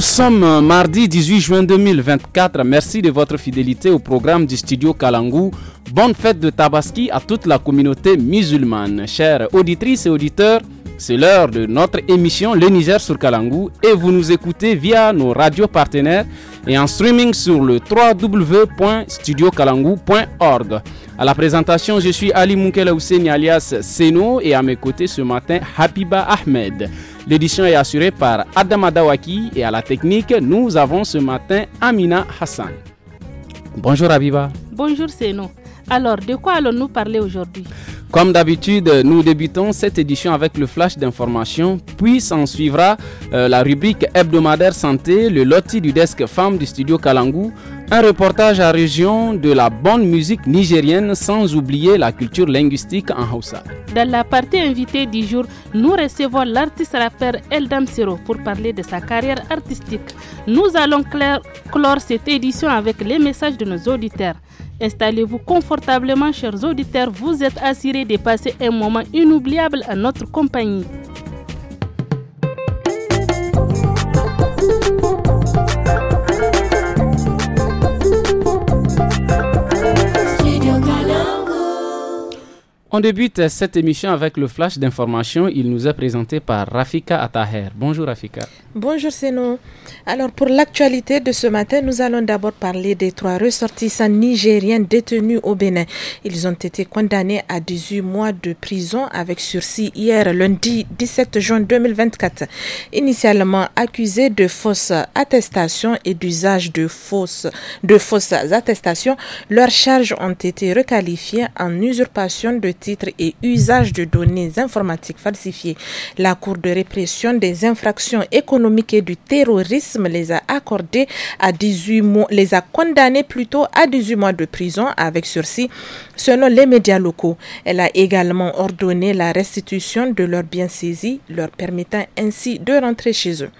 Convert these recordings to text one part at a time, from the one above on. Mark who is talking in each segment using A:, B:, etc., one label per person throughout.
A: Nous sommes euh, mardi 18 juin 2024. Merci de votre fidélité au programme du studio Kalangou. Bonne fête de Tabaski à toute la communauté musulmane. Chères auditrices et auditeurs, c'est l'heure de notre émission Le Niger sur Kalangou et vous nous écoutez via nos radios partenaires et en streaming sur le www.studiokalangou.org. À la présentation, je suis Ali Moukela alias Seno et à mes côtés ce matin, Habiba Ahmed. L'édition est assurée par Adam Adawaki et à la technique, nous avons ce matin Amina Hassan. Bonjour Abiba.
B: Bonjour nous. Alors, de quoi allons-nous parler aujourd'hui
A: comme d'habitude, nous débutons cette édition avec le flash d'information, puis s'en suivra euh, la rubrique hebdomadaire santé, le loti du desk femme du studio Kalangu, un reportage à région de la bonne musique nigérienne sans oublier la culture linguistique en Hausa.
B: Dans la partie invitée du jour, nous recevons l'artiste rappeur Eldam Siro pour parler de sa carrière artistique. Nous allons clore cette édition avec les messages de nos auditeurs. Installez-vous confortablement, chers auditeurs, vous êtes assurés de passer un moment inoubliable à notre compagnie.
A: On débute cette émission avec le flash d'information. Il nous est présenté par Rafika Ataher. Bonjour Rafika.
C: Bonjour Seno. Alors pour l'actualité de ce matin, nous allons d'abord parler des trois ressortissants nigériens détenus au Bénin. Ils ont été condamnés à 18 mois de prison avec sursis hier lundi 17 juin 2024. Initialement accusés de fausses attestations et d'usage de fausses, de fausses attestations, leurs charges ont été requalifiées en usurpation de titre et usage de données informatiques falsifiées. La Cour de répression des infractions économiques et du terrorisme les a les a condamnés plutôt à 18 mois de prison avec sursis, selon les médias locaux. Elle a également ordonné la restitution de leurs biens saisis, leur permettant ainsi de rentrer chez eux.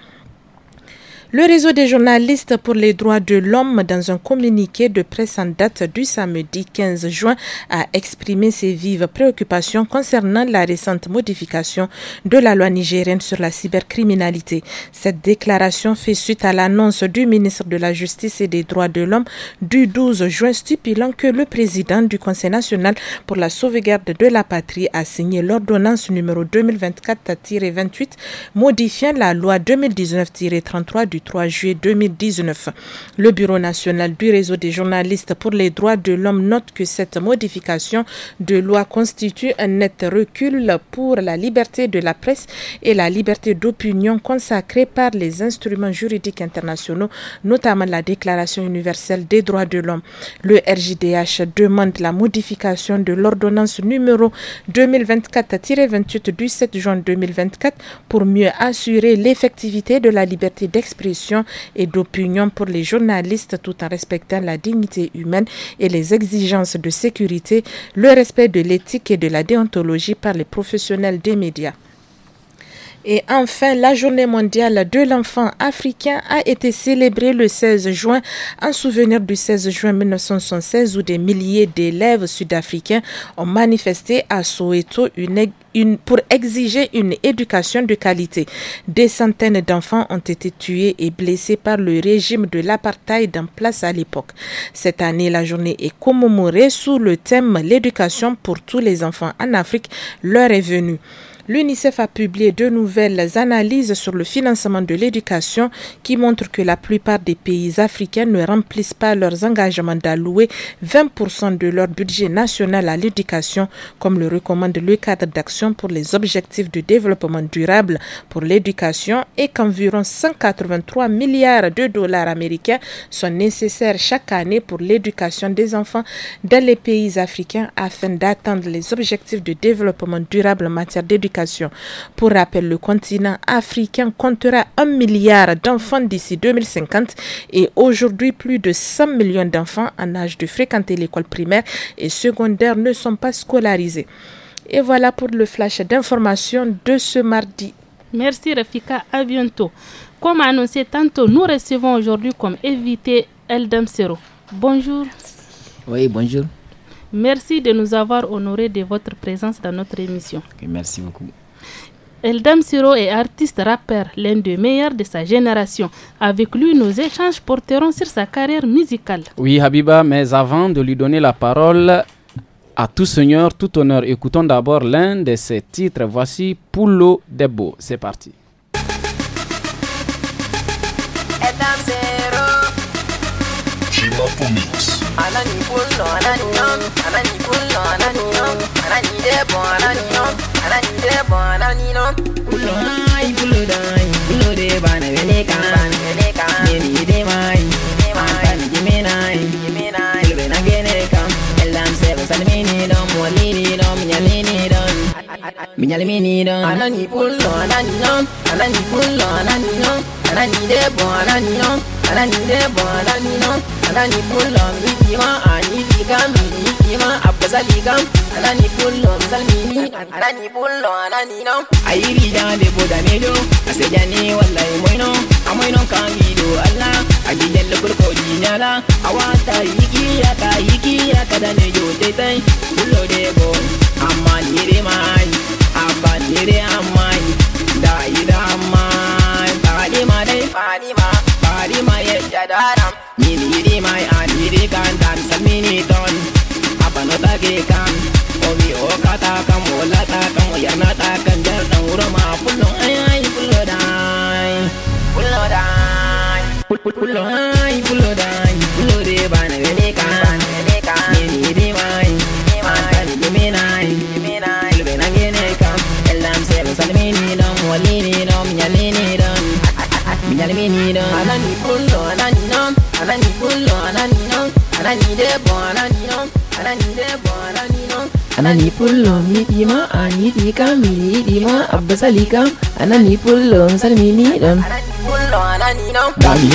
C: Le réseau des journalistes pour les droits de l'homme, dans un communiqué de presse en date du samedi 15 juin, a exprimé ses vives préoccupations concernant la récente modification de la loi nigérienne sur la cybercriminalité. Cette déclaration fait suite à l'annonce du ministre de la Justice et des droits de l'homme du 12 juin stipulant que le président du Conseil national pour la sauvegarde de la patrie a signé l'ordonnance numéro 2024-28 modifiant la loi 2019-33 du 3 juillet 2019. Le Bureau national du réseau des journalistes pour les droits de l'homme note que cette modification de loi constitue un net recul pour la liberté de la presse et la liberté d'opinion consacrée par les instruments juridiques internationaux, notamment la Déclaration universelle des droits de l'homme. Le RJDH demande la modification de l'ordonnance numéro 2024-28 du 7 juin 2024 pour mieux assurer l'effectivité de la liberté d'expression et d'opinion pour les journalistes tout en respectant la dignité humaine et les exigences de sécurité, le respect de l'éthique et de la déontologie par les professionnels des médias. Et enfin, la journée mondiale de l'enfant africain a été célébrée le 16 juin en souvenir du 16 juin 1976 où des milliers d'élèves sud-africains ont manifesté à Soweto une, pour exiger une éducation de qualité. Des centaines d'enfants ont été tués et blessés par le régime de l'apartheid en place à l'époque. Cette année, la journée est commémorée sous le thème L'éducation pour tous les enfants en Afrique l'heure est venue l'UNICEF a publié de nouvelles analyses sur le financement de l'éducation qui montrent que la plupart des pays africains ne remplissent pas leurs engagements d'allouer 20% de leur budget national à l'éducation, comme le recommande le cadre d'action pour les objectifs de développement durable pour l'éducation et qu'environ 183 milliards de dollars américains sont nécessaires chaque année pour l'éducation des enfants dans les pays africains afin d'atteindre les objectifs de développement durable en matière d'éducation pour rappel, le continent africain comptera un milliard d'enfants d'ici 2050 et aujourd'hui plus de 100 millions d'enfants en âge de fréquenter l'école primaire et secondaire ne sont pas scolarisés. Et voilà pour le flash d'information de ce mardi. Merci Rafika, à bientôt. Comme annoncé tantôt, nous recevons
B: aujourd'hui comme invité Eldam Sero. Bonjour. Oui, bonjour. Merci de nous avoir honorés de votre présence dans notre émission. merci beaucoup. Eldam Siro est artiste rappeur, l'un des meilleurs de sa génération. Avec lui, nos échanges porteront sur sa carrière musicale.
A: Oui, Habiba, mais avant de lui donner la parole, à tout seigneur, tout honneur, écoutons d'abord l'un de ses titres. Voici Poulo Debo. C'est parti.
D: anani pullo anani yom anani pullo anani yom anani debo anani yom anani debo anani yom pullo ai pullo dai pullo de bana vene ka bana vene ka ne ni de mai ne mai ni me nai ni me nai lo na gene ka elam se salmini dom walini dom yalini dom Minyale me need on Anani pull on Anani on Anani pull on Anani on Anani de bo Anani on Anani de bo Anani on Anani pull on Bikima Ani Bikam Bikima Abazali Gam Anani pull on Salmini Anani pull on Anani on Airi da de bo da medo Asejani wallahi moino Amoino kangido Allah Ajijan lukur ko dinala Awata yiki yaka yiki yaka da ne yo tetai Bullo de bo p daram l i n i l i d i m l i an y pull, a n l a n san m i n l ton Apa no ta k l kan Omi o l a t a kam o la l ta k l m o l a n a t l kan jar l a n uro l ma pullo ai ai pullo dai Pullo dai Pullo dai pullo dai pullo u l l a n a ne kan don Sali me ni don Wali ni don Minyali ni don Minyali me ni don Anani bullo anani nom Anani bullo anani nom Anani debo anani nom Anani debo anani nom Anani pullo, yidima an yidikam yidima abbasalikam Anani pullum salmini don Dami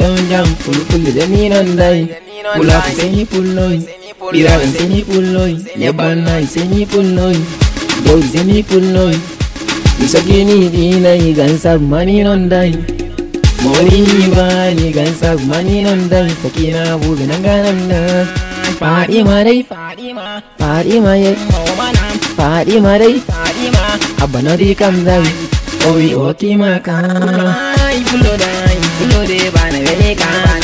D: don jam pulu pulu non dai Pula seni pulloi Bira seni pulloi Yabana seni pulloi Boy seni pulloi Isagini dina yi gansak mani non nondai Moni ba ni gansak mani nondai Sakina buga nanganan na Fadima dai Fadima Fadima ye Fadima dai Fadima Abba na di kam dai Owi oki maka Fulodai fulode ba na vene kan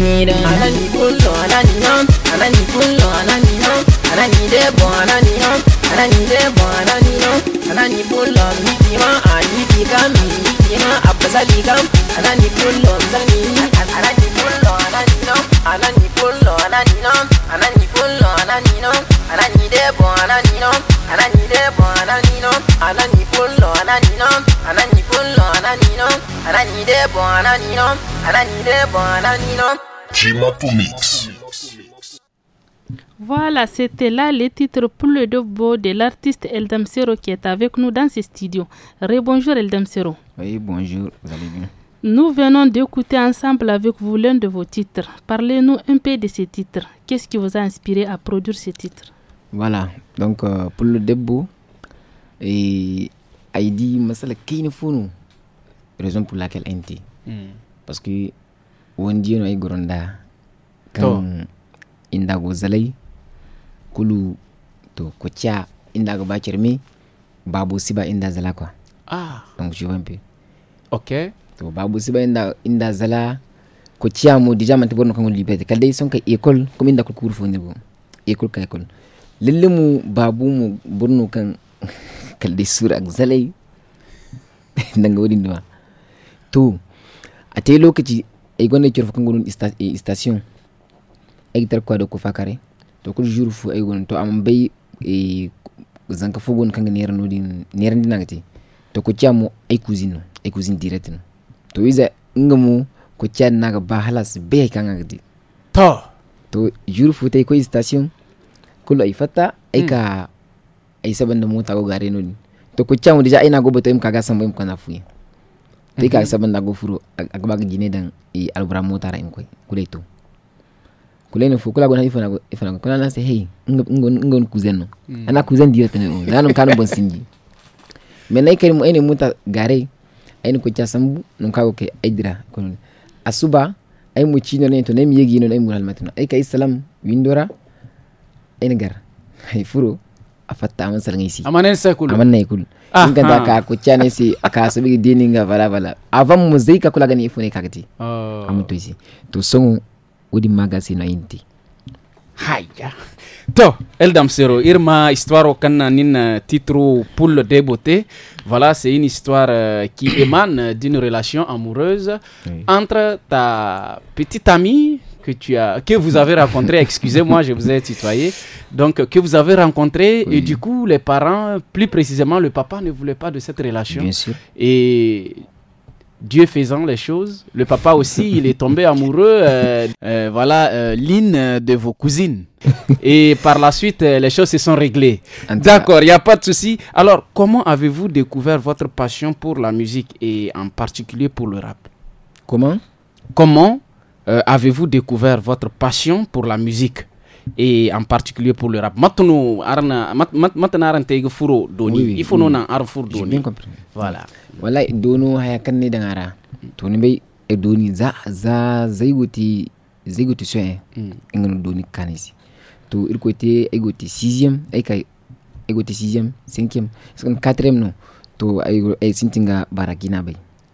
D: need them. And I need pull and I need on, and I need pull and I need on, and I need a boy, and I need on, and I need a boy, and I need on, and I need pull on, Nicky ma, and Nicky come, Nicky ma, Abasali come, and I need pull and I need pull and I need on, and I need pull and I need on, and I need pull and I need on, and I need a boy, and I need and I need a boy, and I need and I need and I need and I need and I need and I need a boy, and I need and I need a boy, and I need Voilà, c'était
B: là les titres pour le debout de l'artiste Eldam Sero qui est avec nous dans ce studio. Rebonjour Eldam Sero.
E: Oui, bonjour, vous allez bien.
B: Nous venons d'écouter ensemble avec vous l'un de vos titres. Parlez-nous un peu de ces titres. Qu'est-ce qui vous a inspiré à produire ces titres
E: Voilà, donc euh, pour le debout, et Aïdi c'est Kinefunu, raison pour laquelle NT. Hmm. Parce que wondiyono e goronɗa kan indago zalay kulu to ko ca indago bacere Babu siba inda zala quoi ah. donc tu vois ok to babu siba inda, inda zala ko mu déjà mante borno kangol liberté kala day sonka école comme inda kol cour fondirgo école ka école lalle mu babu mu borno kan kala sura ak zalay nanga waɗi nduma to a te lokaci e gonde cor fo kango ɗum station ay tar kowaɗo ko fakare to ko jour fo ay gon to am bay e eh, zanka fo gon kanga neranodi nangati to ko chamu ay cousine no ay cousine direct to wisa ngamu ko ciyani naga ba halas bay ay kangagadi to to jour fo tawi ko station ko ay fatta ay ka hmm. ay sabanda mota go gareno ɗin to ko chamu déjà ay nago bato im kaga sambo im kana fuye ti ka saban dago furu bag jine dan i albura mota ra inkoi kule to kule ne fu kula gona ifana ifana kula na se hey ngo ngo cousin no hmm. ana cousin dire tene o nanu kanu bon sinji mais nay kari mo ene muta gare ay ko cha sambu no ka ko ke aidra kono asuba ay mu chino ne to ne mi yegi no ay mu halmatno ay kay salam windora ay gar ay furu afatta aman salngaisi
A: amanen sekul amanna
E: ikul inga da ka ko chane si aka sabi dini nga bala bala avam mu zai ka kula gani ifune kagati
A: oh. amu to isi
E: to songu udi magasi na inti
A: haya to eldam sero irma histoire o kanna nin titre poule des beautés voilà c'est une histoire euh, qui émane d'une relation amoureuse entre ta petite amie que tu as que vous avez rencontré excusez-moi je vous ai tutoyé donc que vous avez rencontré et du coup les parents plus précisément le papa ne voulait pas de cette relation Bien sûr. et Dieu faisant les choses, le papa aussi, il est tombé amoureux, euh, euh, voilà, euh, de vos cousines. Et par la suite, euh, les choses se sont réglées. D'accord, il n'y a pas de souci. Alors, comment avez-vous découvert votre passion pour la musique et en particulier pour le rap Comment Comment euh, avez-vous découvert votre passion pour la musique et en particulier pour le rap maintenant arna maintenant aran tege furo doni il faut non un fur doni bien compris
E: voilà wallahi dono haya kanne dangara to ne bay e doni za za zaygoti zaygoti so hmm. en ngano doni kanisi to il kote ay e goti 6e ay kay egoti 6e 5e 4e no to ay sintinga baragina bay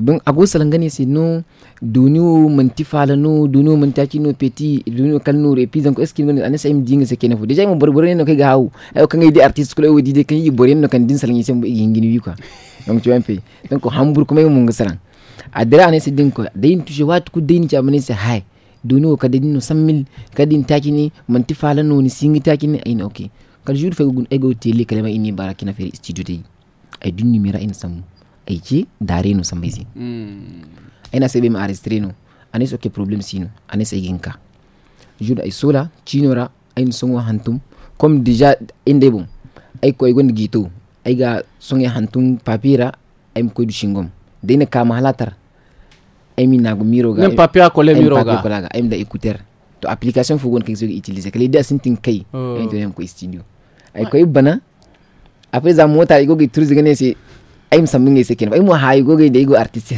E: donc agosal gane si no dunu manti fala no dunu mantaki no peti dunu kan no et puis donc est ce qu'il ana sa im dinga se kenafo déjà mo na no ga gaaw ay kan ngi di artiste ko wa de kan yi boren no kan din sal yi sem ngini wi quoi donc tu vois don ko donc hambourg ko mun mo nga salan adira ana se din ko dayin tuje wat ku dayin ci amane se hay dunu ka din no sammil ka din ni manti fala no ni singi ni ay no okay kal jour fe gun ego tele kalama ini barakina fere studio de ay dun numero en samu ayke darinu no samba izi
F: mm.
E: ayna seɓe ma arrestre sinu anes okke probléme sino anes e genka juuɗo ay sola cinora e songo hantum comme déjà indebu ay e koy gonde ay ga songe hantum papira aymi e koydu singom deyne kama halatar aymi nago miroga nem papier kole miroga kolaga aymi da écouteur to application fo gon kexoge utiliser. kala dia sintin kay aymi oh. to nem ko studio ay koy bana après za mota igoge tourisgane c'est ay samingaysa kenan ay mahay gogayda igo artiste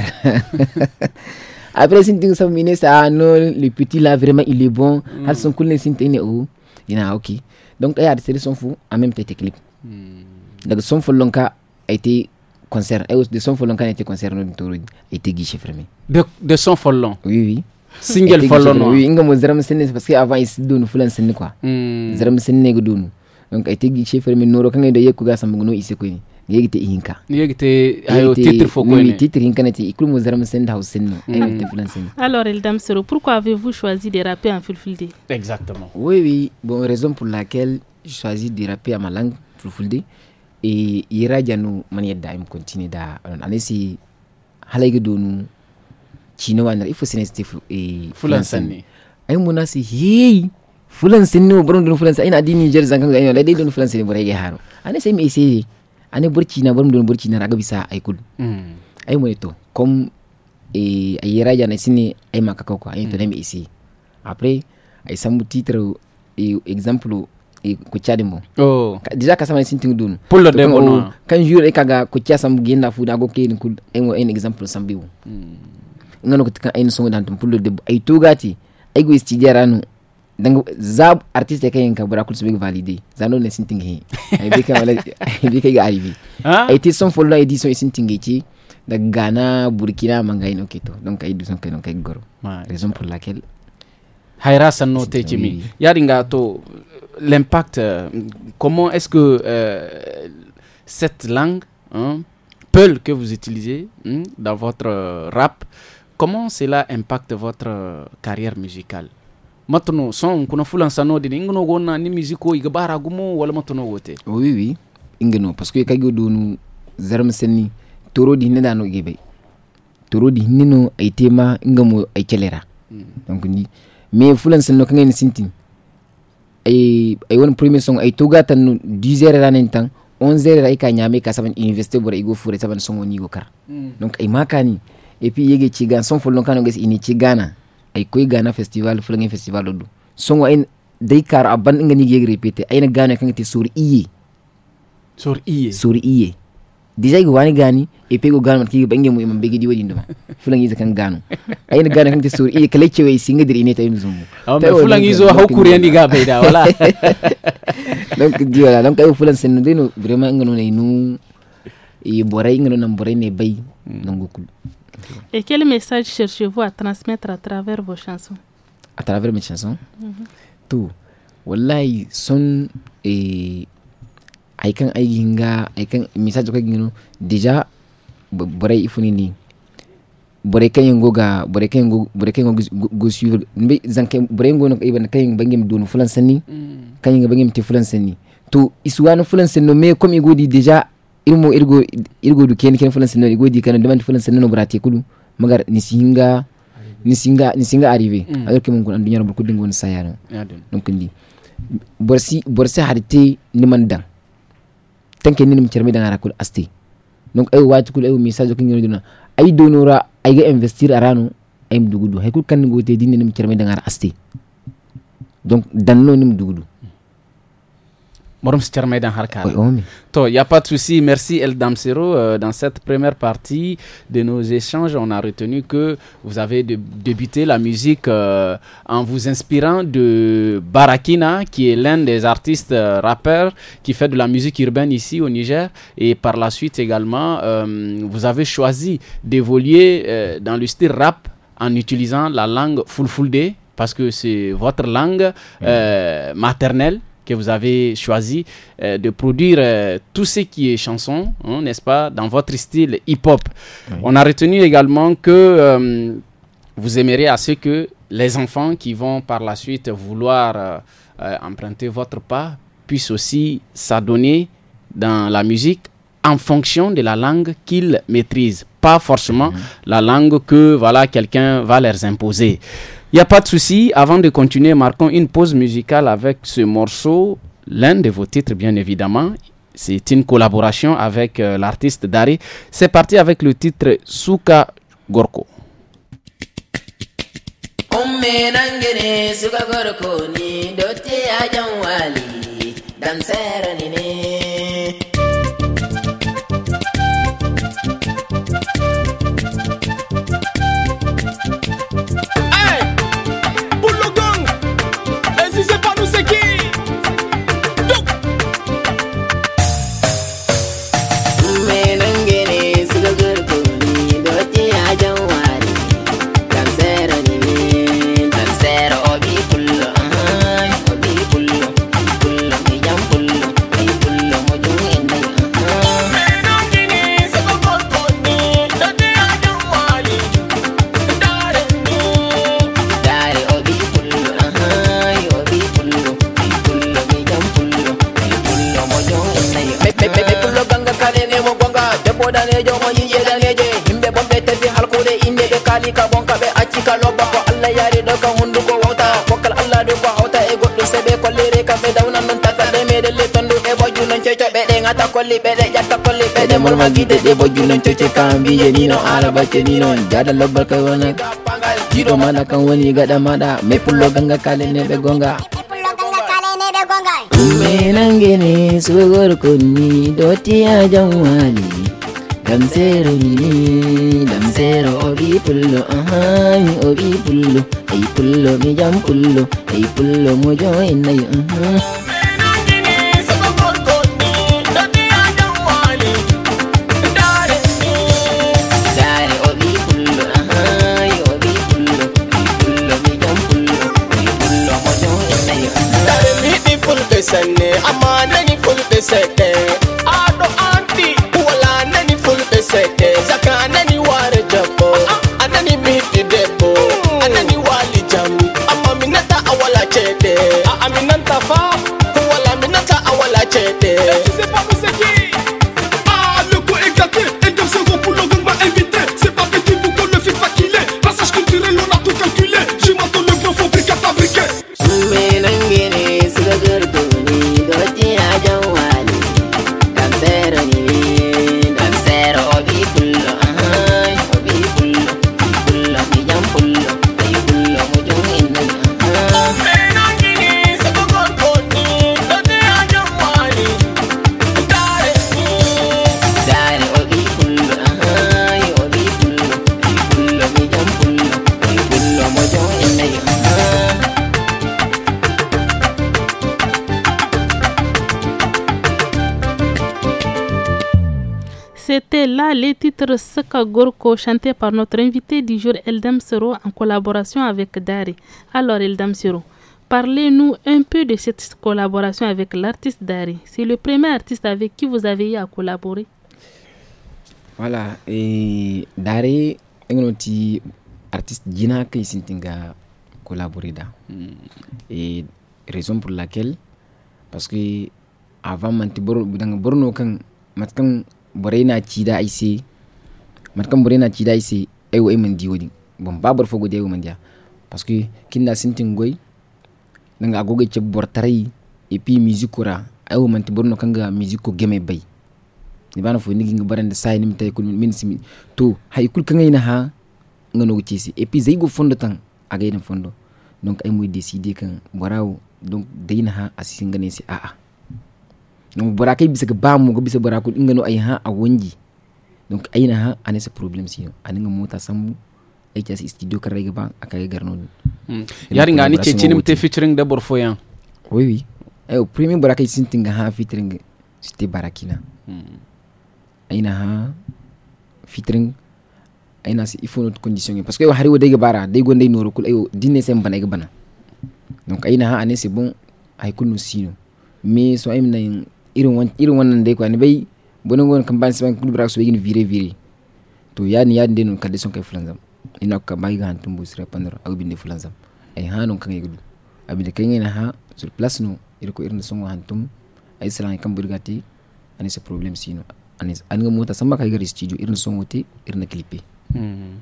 E: après sintin samine sa no le petit là vraiment il est bon mm. hal son kulne sintine o ina ok donc ay artiste son fou en même temps clip mm. Donc son fou lonka été concert Et eh, de son fou lonka été concert no toro été guichet fermé
A: de de son fou oui oui single folon. oui
E: nga mo sinne parce que avant ils donnent fulan sinne quoi mm. zaram sinne go donu donc a été chef fermé noro kan da yekku ga samugo no ni yegite ihinka yegite ayo titre fo foko ni titre ihinka nati ikul muzara musenda hausenno mm. yegite mm. fulanseni
B: alors el damsero pourquoi avez-vous choisi de rapper en fulfulde
E: exactement oui oui bon raison pour laquelle je choisis de rapper à ma langue fulfulde et yera janu man yedda im continue da anesi halayge donu chino wanar ifo senesti e fulanseni ay munasi hey fulanseni no boron don fulanseni ina di niger zankan ayo lay don fulanseni boray haro anesi mi essayer ane burkina na bar mudon Ragabisa na raga ay kul ay mo comme e ay raja sini ay makaka ko ay to dem hmm. ici après ay sambu titre e exemple e ko oh déjà ka samani sinting dun pullo de mo kan oh, jour e kaga ko tia sambu ginda fu da go ke ni kul en exemple sambiwo
A: hmm.
E: ngano ko ay songo dan de ay ay go donc Zab artiste ke en kabura kulsu big valider. zano ne sin tingi ai Il kan wala bi kai ga arrivé Et te son follow Et dison sin tingi ci Ghana Burkina Mangai, no donc ai dison kai donc kai goro raison pour laquelle
A: Haïra Sanno Techimi yaringa to l'impact euh, comment est-ce que euh, cette langue hein, Peul que vous utilisez hein, hmm, dans votre rap comment cela impacte votre carrière musicale matno son kuna fulan sanode ni ngno ni musico iga bara gumo wala matno wote
E: oui oui ingno parce que kagi donu zarm senni toro di hinna no gebe toro di hinno ay tema ngamo ay celera mm. donc ni mais fulan senno kangen sintin ay ay won premier song ay toga tan 10 heures ranen tan 11 heures ay ka nyame ka saban investé bora igo fure saban songo ni go kar mm. donc ay makani et puis yege ci gan son fulon kanoges ini ci gana ay koy gana festival fulange festival do songo ay day kar aban inga ni gege repete ay na gano kan ti sur iye sur iye sur iye deja go wani gani e pego gano ki bangi mu imam bege di wadi nduma fulange zakan gano ay na gano kan ti sur iye kale cewe singa dir ine ta im zumu amma fulange zo haukuri andi ga baida wala donc di wala donc ay fulan sen dino vraiment hmm. ngano ne nu e borai ngano nan borai ne bay nan kul
B: Et quel message cherchez-vous à transmettre à travers vos chansons
E: À travers mes chansons mm -hmm. wallahi son eh, Aïkan aikin aïkan message que gino Déjà, bore ifuni ni kayengoga, kayen go ga bore go suivre mbe zanke bore go no ibana kayen bangem don fulan sanni mm. kayen bangem te fulan sanni Tout, iswanu fulan sanno me comme igodi déjà. irimo irgo irgo du ken ken fulan sinno irgo kana demande fulan sinno burati kulu magar nisinga nisinga nisinga arrivé mm. alors que mon kon dunyar bur kudin gon sayano donc ndi borsi borsi harite ni man dan tanke ni ni hmm. ya, cermi dan kul asti donc ay wati kul ay message ko ngi dina ay donora ay ga investir arano ay mdugudu hay kul kan ngote dini ni cermi dan ara asti donc danno ni mdugudu
A: Il n'y a pas de souci. Merci El Damsero. Euh, dans cette première partie de nos échanges, on a retenu que vous avez débuté la musique euh, en vous inspirant de Barakina, qui est l'un des artistes euh, rappeurs qui fait de la musique urbaine ici au Niger. Et par la suite également, vous avez choisi d'évoluer dans le style rap en utilisant la langue Fulfulde parce que c'est votre langue maternelle que vous avez choisi euh, de produire euh, tout ce qui est chanson, hein, n'est-ce pas, dans votre style hip-hop. On a retenu également que euh, vous aimeriez à ce que les enfants qui vont par la suite vouloir emprunter votre pas puissent aussi s'adonner dans la musique en fonction de la langue qu'ils maîtrisent, pas forcément mm-hmm. la langue que voilà quelqu'un va leur imposer. Il n'y a pas de souci. Avant de continuer, marquons une pause musicale avec ce morceau, l'un de vos titres, bien évidemment. C'est une collaboration avec euh, l'artiste Dari. C'est parti avec le titre Suka Gorko.
D: dalejo o yije daneje yimɓe ɓomɓe tefi halkude inde ɓe kaali ka bonka ɓe acci ka lobba ko allah yaari ɗo ka hunduko wawta kokkal allah du ko hawta e goɗɗum se ɓe kollire kamɓe dawnan non takkaɗe meɗen le tondu e bo junon coycoy ɓeɗe gata kolli ɓeɗe ƴatta kolli ɓeɗe morma guide ɗe bo junon coycoy kam mbiye ni non ala bacce ni non jaada lobbal wona jiɗo maɗa kan woni gaɗa maɗa meppullo ganga kaleneɓe gonga Umenangene sugor kunni doti ajamwali damsero mini damsero obi pullo aha mi obi pullo ai pullo mi jam pullo ai pullo mo jo inna aha
B: là les titres Saka Gorko chantés par notre invité du jour Eldam Sero en collaboration avec Dari. Alors Eldam Sero, parlez-nous un peu de cette collaboration avec l'artiste Dari. C'est le premier artiste avec qui vous avez eu à collaborer.
E: Voilà, et Dari est un artiste Gina qui a collaboré. Et raison pour laquelle, parce que avant, je sais pas borai na ci da ai se matkan borai na ci da ai se ai wo di wodi bon ba bor fogo de wo parce que kinda sintin goy nanga agoge ce bor et puis musique ora ai wo manti borno kanga musique ko geme bay ni bana fo ni nga barande say ni tay kul min simi to hay kul kanga ina ha ngano ci e ci et puis zai go fondo tan aga ina fondo donc ay moy décider kan boraw donc dayna ha asisin ngane ci a ah, ah. donc bora kai bisa ga bamu ga bisa bora inga ingano ai ha a wonji donc ay na ha ane sa problem sino aninga mota sambu ai ta studio kan rai ga aka ga garno
A: hmm. yari nga ni cece ni mte featuring da borfoyan
E: oui oui ay o premier bora kai sintinga ha featuring site barakina hmm. ai na ha featuring aina si il faut condition parce que hari wodai bara dai gondai noro kul ayo dinne sem bana ga bana donc na ha ane c'est bon ay kul no sino mais so ay irin irin wannan dai kwani bai bunin gon kan ban saman kul su so vire vire to yani yani den kan son kai fulanzam ina ka bai ga hantum busira pandoro au bin fulanzam ai hanon kan yudu abinda da kan yana ha sur place no irko irin sun wa hantum ai salan kan burgati ani se problem sino ani an ga mota san maka ga studio irin sun wote irin na clipe hmm.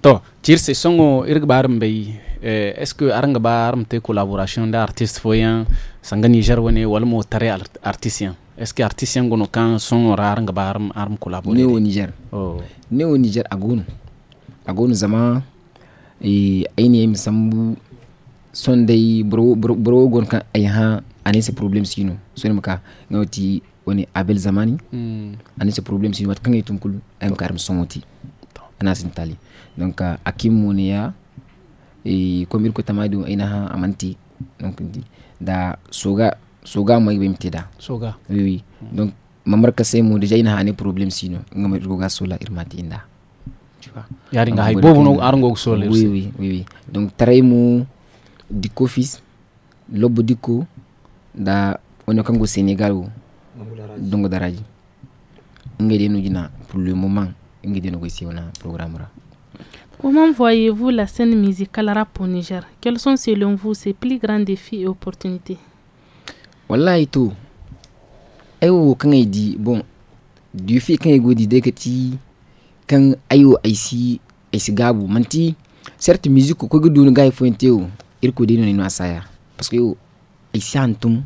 A: to tirse songo irgbarum bai Eh, est ce que aranga ba aramte collaboration d'artistes sanga niger wone walmo artisien est ce que artisien gono kan sont aranga ba niger oh. niger
E: zama e, sambu bro bro, bro gon se problème sino abel zamani hmm. ani se problème sino wat donc E, kombir ko tamadu ina ha amanti donc da soga soga mai bim tida soga oui oui donc mamar ka sai mu deja ina ha ne problem sino ngam ruga sola irmati inda
A: tu vois yari nga hay bobu no arngo sola oui oui
E: oui oui donc taray mu dikko fis lobbo dikko da wono kango sénégal wo dongo daraji ngi no jina pour le moment ngi no ko si programme ra
B: Comment voyez-vous la scène musicale rap au Niger Quels sont selon vous ses plus grands défis et opportunités
E: Wallahi tout. Ayo quand ai di bon du fait kan il dit que kati kan ayo ici aisi gabu manti certes musique ko gudu ngai fonte o irko de no asaya parce que ici en antum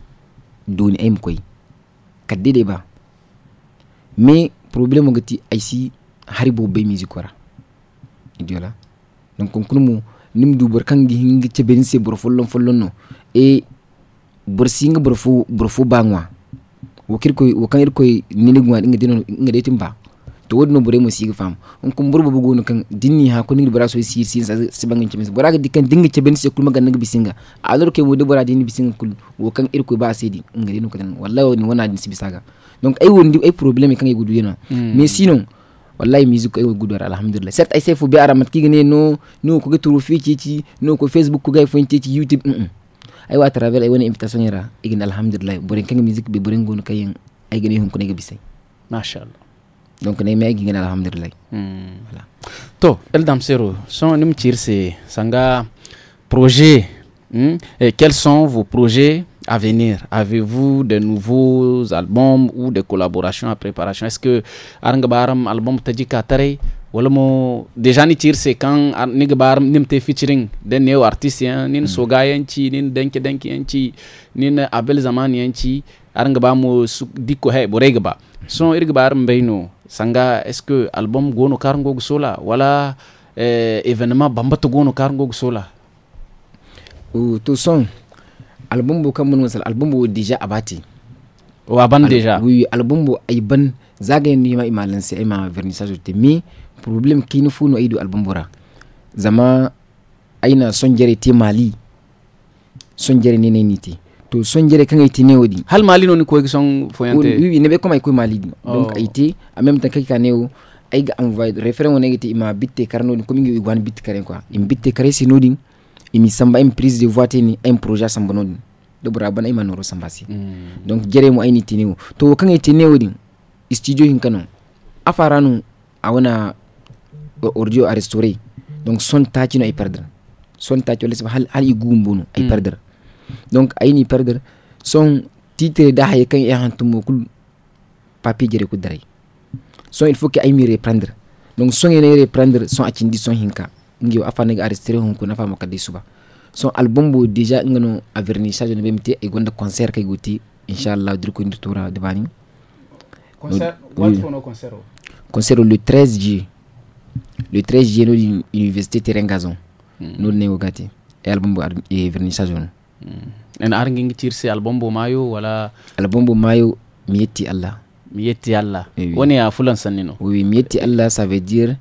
E: donne aim koy Quand des débats. mais problème ngati ici haribo be musique quoi. idiola donc kunu nim du barkan gi hinga cebe ni se bor follon follon no e bor singa bor fo bor fo bangwa wakir koy wakan ir koy nini gwa inga dinon nga de timba to wodno bore mo sigi fam on kum bor bugo gonu kan dinni ha ko ni bora so si si sa bangin cebe bora ga dikan dinga cebe ni se kulma ga bisinga alor ke wodi bora dinni bisinga kul wakan ir koy ba sedi inga dino kadan wallahi woni wana din bisaga donc ay wondi ay probleme kan ay gudu yena mais sinon wallahi musique ko ewo alhamdullilah alhamdulillah cert ay sefo be aramat kigene no no ko geturu fi ci no ko facebook ko gay fon ci youtube mm ay wa travel ay woni invitation yara igin alhamdulillah boren kanga bi be boren gono kayen
A: ay gene hon ko nega bisay allah donc ne me igin alhamdulillah mm. voilà to eldam sero son nim tirse sanga projet hmm? et quels sont vos projets à venir Avez-vous de nouveaux albums ou des collaborations à préparation Est-ce que Arngbaram album Tadika Tare wala déjà ni tire c'est quand Arngbaram nimte featuring des néo artistes hein nin hmm. soga yanci nin denke denke yanci nin abel zaman yanci su dikko bo regba son Irgbaram beino sanga est-ce que album gono karngo sola wala eh, événement bambato gono karngo sola
E: ou tout son album bu kan mun album bu deja abati wa ban deja wi album bu ay ban zagayen ni ma imalan se ay ma vernissage te mi problem kini fu no idu album bura zama aina son jere te mali son jere ni ni te to son jere kan ti ne wodi hal
A: mali no ni ko son foyante wi
E: ne be ko ay ko mali di oh. donc ti en même temps kaki kanew ay ga envoyer référent ti ma bitte karno ni mi ngi wan bitte kare quoi im bitte kare sinodin imi samba imi prise de voix teni aimi projet sambono din dobora bana ima noro sambasi mm. donc jere mo aini tenewo to kan ai studio hin kano afara nu a audio a restaurer donc son taki no ay perdre son taki wala hal hal i gumbo no mm. perdre donc aini perdre son titre da hay kan e hantumo kul papier jere ku dare son il faut que aimi reprendre donc son ene reprendre son akindi son hinka ngi afa nega arrestre hun kuna fa kadi suba son album bo deja ngano a vernissage ne bemte e gonda concert kay e goti inshallah dir ko ndir tora de bani
A: concert no, oui. no concert
E: concert le 13 juillet le 13 juillet no université terrain gazon hmm. no ne gati e album bo e vernissage no mm. en ar
A: ngi ngi tirse album bo mayo wala album bo mayo
E: mi yetti allah mi yetti allah eh oui, oui. woni a fulan sanino oui mi yetti allah ça veut dire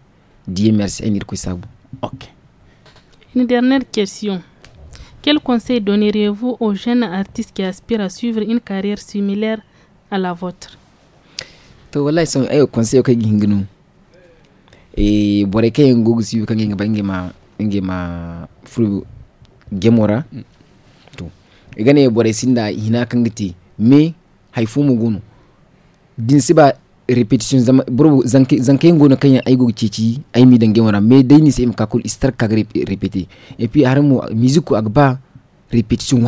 E: Dieu merci en ir ko sabu Ok.
B: Une dernière question. Quel conseil donneriez-vous aux jeunes artistes qui aspirent à suivre une carrière similaire à la vôtre
E: To wallahi son ayo conseil ko ginginu. E bore kay ngugu si ko et ma ngi ma furu gemora. To igane bore sinda hina Mais, me haifu mugunu. Din siba repetition zama boro zanke zanke ngo na kanya aigo chichi ai mi dange wara me dai ni sai mka kakul istar kag repete et puis har mu musique akba repetition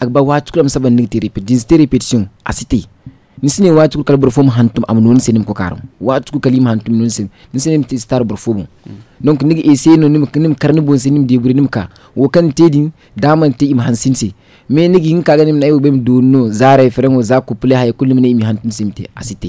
E: akba wat kul am saban nigti repete densité repetition cité ni sine watkul kal boro fom hantum am non sene ko karam kul kalim hantum non sene ni sene ti star boro fom donc nigi essayer no nim nim karne bon nim de buri nim ka wo kan tedin daman te im hansin se me nigi in kaga nim na ayo bem do no zare frengo za couple hay kulim ne im hantum simte cité.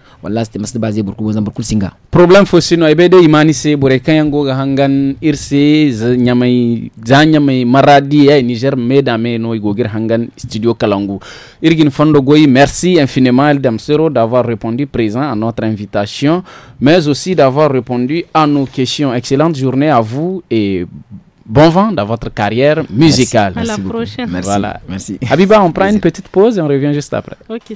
E: Voilà, c'était masde basé burku burku singa
A: problem imani hangan irse maradi niger no hangan studio kalangu irgin merci infiniment d'avoir répondu présent à notre invitation mais aussi d'avoir répondu à nos questions excellente journée à vous et bon vent dans votre carrière musicale. À la prochaine. Voilà. Merci. Habiba, on prend une petite pause et on revient juste après.
B: Ok,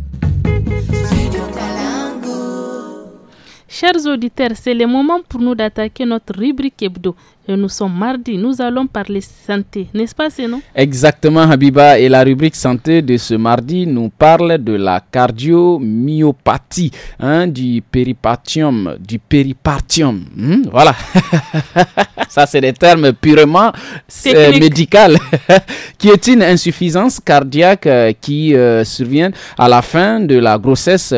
B: Chers auditeurs, c'est le moment pour nous d'attaquer notre rubrique hebdo. nous sommes mardi, nous allons parler santé, n'est-ce pas c'est non
A: Exactement Habiba, et la rubrique santé de ce mardi nous parle de la cardiomyopathie, hein, du péripatium, du péripartium, hmm, voilà. Ça c'est des termes purement euh, médicaux, qui est une insuffisance cardiaque euh, qui euh, survient à la fin de la grossesse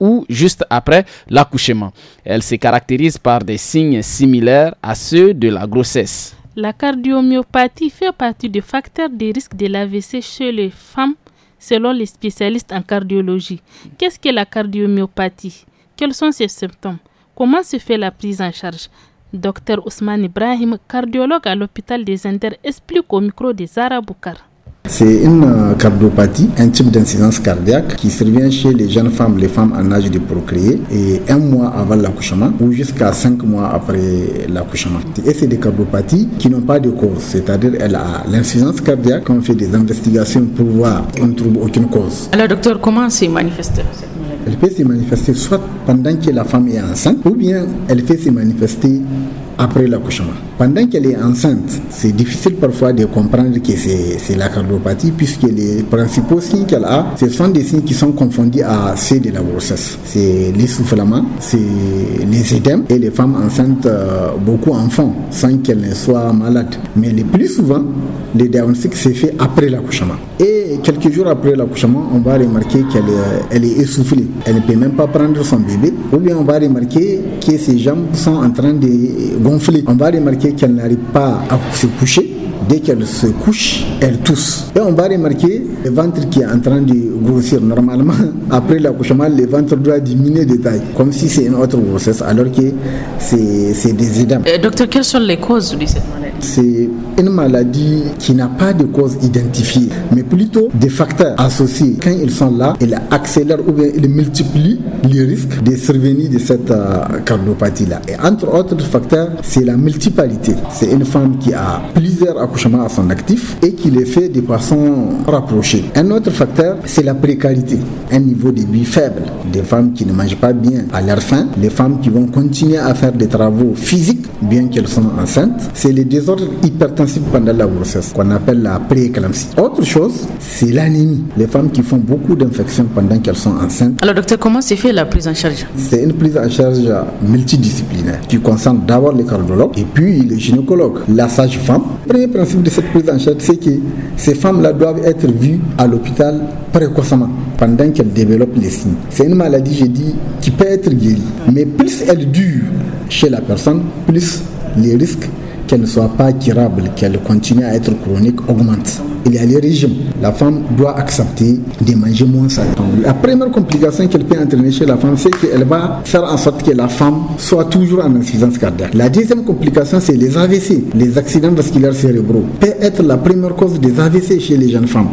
A: ou juste après l'accouchement. Elle se caractérise par des signes similaires à ceux de la grossesse.
B: La cardiomyopathie fait partie des facteurs de risque de l'AVC chez les femmes selon les spécialistes en cardiologie. Qu'est-ce que la cardiomyopathie Quels sont ses symptômes Comment se fait la prise en charge Docteur Ousmane Ibrahim, cardiologue à l'hôpital des Inter, explique au micro des Bukar.
G: C'est une euh, cardiopathie, un type d'incidence cardiaque qui survient chez les jeunes femmes, les femmes en âge de procréer, et un mois avant l'accouchement ou jusqu'à cinq mois après l'accouchement. Et c'est des cardiopathies qui n'ont pas de cause, c'est-à-dire elle a l'insuffisance cardiaque, on fait des investigations pour voir, on ne trouve aucune cause.
A: Alors docteur, comment s'est manifestée cette
G: maladie Elle peut se manifester soit pendant que la femme est enceinte, ou bien elle peut se manifester après l'accouchement. Pendant qu'elle est enceinte, c'est difficile parfois de comprendre que c'est la cardiopathie puisque les principaux signes qu'elle a, ce sont des signes qui sont confondus à ceux de la grossesse. C'est l'essoufflement, c'est les et les femmes enceintes, euh, beaucoup enfants, sans qu'elles ne soient malades. Mais le plus souvent, le diagnostic s'est fait après l'accouchement. Et quelques jours après l'accouchement, on va remarquer qu'elle elle est essoufflée. Elle ne peut même pas prendre son bébé. Ou bien on va remarquer que ses jambes sont en train de gonfler. On va remarquer qu'elle n'arrive pas à se coucher, dès qu'elle se couche, elle tousse. Et on va remarquer le ventre qui est en train de grossir. Normalement, après l'accouchement, le ventre doit diminuer de taille, comme si c'est une autre grossesse, alors que c'est des édames.
B: Euh, docteur, quelles sont les causes de cette maladie
G: C'est une maladie qui n'a pas de cause identifiée, mais plutôt des facteurs associés. Quand ils sont là, ils accélèrent ou bien ils multiplient les risques de survenir de cette euh, cardiopathie-là. Et entre autres facteurs, c'est la multiparité. C'est une femme qui a plusieurs accouchements à son actif et qui les fait de façon rapprochée Un autre facteur, c'est la précarité. Un niveau de vie faible. Des femmes qui ne mangent pas bien à leur faim, les femmes qui vont continuer à faire des travaux physiques bien qu'elles sont enceintes. C'est les désordres hypertensifs pendant la grossesse qu'on appelle la prééclampsie. Autre chose, c'est l'anémie. Les femmes qui font beaucoup d'infections pendant qu'elles sont enceintes.
B: Alors docteur, comment s'est fait la prise en charge
G: C'est une prise en charge multidisciplinaire qui concerne d'abord les cardiologues et puis les gynécologues, la sage-femme. Premier de cette prise en charge, c'est que ces femmes-là doivent être vues à l'hôpital précocement, pendant qu'elles développent les signes. C'est une maladie, j'ai dit, qui peut être guérie. Mais plus elle dure chez la personne, plus les risques qu'elle ne soit pas curable, qu'elle continue à être chronique, augmente. Il y a les régimes. La femme doit accepter de manger moins salé. La première complication qu'elle peut entraîner chez la femme, c'est qu'elle va faire en sorte que la femme soit toujours en insuffisance cardiaque. La deuxième complication, c'est les AVC. Les accidents vasculaires cérébraux peut être la première cause des AVC chez les jeunes femmes.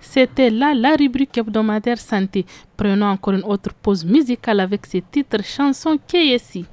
B: C'était là la rubrique hebdomadaire santé. Prenons encore une autre pause musicale avec ce titre chanson ici.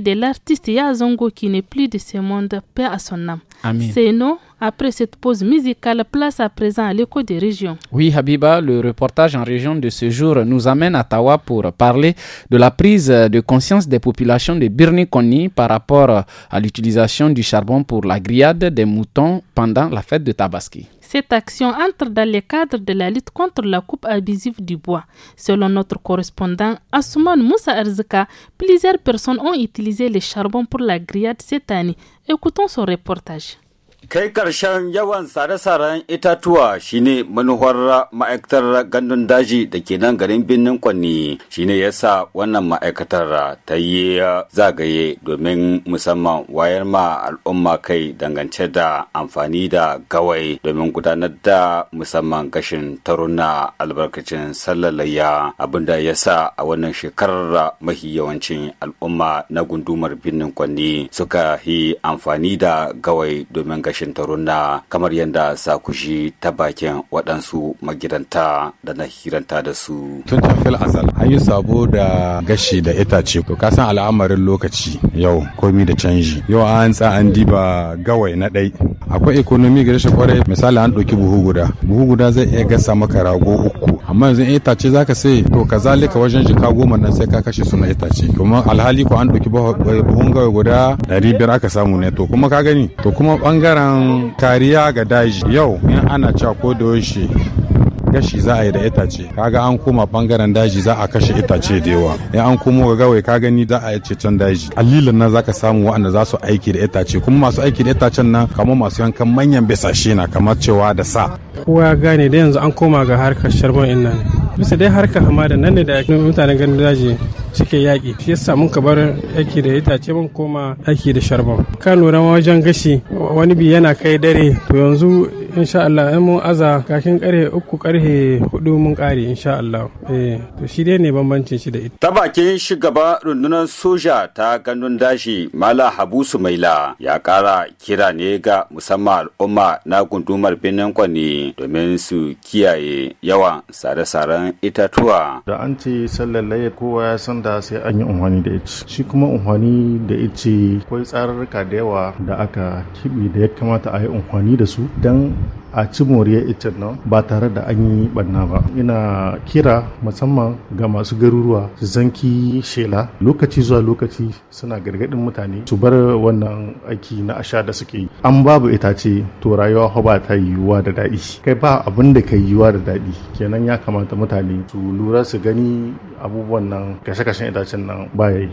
B: de l'artiste Yazongo qui n'est plus de ce monde, paix à son âme. Amen. Après cette pause musicale, place à présent à l'écho des régions.
A: Oui, Habiba, le reportage en région de ce jour nous amène à Tawa pour parler de la prise de conscience des populations de Birnikoni par rapport à l'utilisation du charbon pour la grillade des moutons pendant la fête de Tabaski.
B: Cette action entre dans le cadre de la lutte contre la coupe abusive du bois. Selon notre correspondant Asuman Moussa Arzika, plusieurs personnes ont utilisé le charbon pour la grillade cette année. Écoutons son reportage.
H: Kai ƙarshen yawan sare-saren itatuwa shine manuwar ma'aikatar gandun daji da ke nan garin birnin Kwanni Shi shine yasa wannan ma'aikatar ta yi zagaye domin musamman wayar ma al'umma kai dangance da amfani da gawai domin gudanar da musamman gashin taruna albarkacin sallalaya abinda sa a wannan shekarar mahi yawancin al'umma na gundumar birnin Kwanni suka yi amfani da gawai domin gashin rashin na kamar yadda sa kushi ta bakin waɗansu magidanta da na hiranta da su.
I: Tun can fil asal an yi sabo da gashi da itace to san al'amarin lokaci yau komi da canji yau an tsa an diba gawai na ɗai akwai ikonomi ga rashin kwarai misali an ɗauki buhu guda buhu guda zai iya gasa maka rago uku amma yanzu in itace ka sai to zalika wajen jika goma nan sai ka kashe su na itace kuma alhali ko an ɗauki eh, buhun gawai guda ɗari biyar aka samu ne to kuma ka gani to kuma ɓangaren wannan kariya ga daji yau in ana cewa ko gashi za a yi da itace kaga an koma bangaren daji za a kashe itace da yawa in an komo ga gawai ka gani za a yi ceton daji alilin nan zaka samu waɗanda za su aiki da itace kuma masu aiki da itacen nan kamar masu yankan manyan besashe na kamar cewa da sa kowa ya gane da yanzu an koma ga harkar sharbon in nan bisa dai harkar hamada nan ne da mutanen ganin daji suke yaƙi shi yasa mun bar aiki da itace mun koma aiki da sharban ka lura wajen gashi wani biyu yana kai dare to yanzu insha Allah in mun aza kakin karhe uku karhe hudu mun kare insha Allah eh to shi dai ne bambancin shi da ita
H: ta bakin shugaba rundunar soja ta gandun dashi mala habu sumaila ya kara kira ne ga musamman al'umma na gundumar birnin kwani domin su kiyaye yawan sare-saren itatuwa da
J: an ce sallar kowa ya san da sai an yi unhwani da ita shi kuma unhwani da ita akwai tsararraka da yawa da aka kibi da ya kamata a yi unhwani da su don a ci moriyar itin nan ba tare da an yi banna ba ina kira musamman ga masu garuruwa su zanki shela lokaci zuwa lokaci suna gargaɗin mutane su bar wannan aiki na asha da suke yi an babu itace to rayuwa ha ba ta yiwuwa da daɗi kai ba abin da ka yiwuwa da daɗi kenan ya kamata mutane su lura su gani abubuwan nan kashe-kashen itacen nan ba yi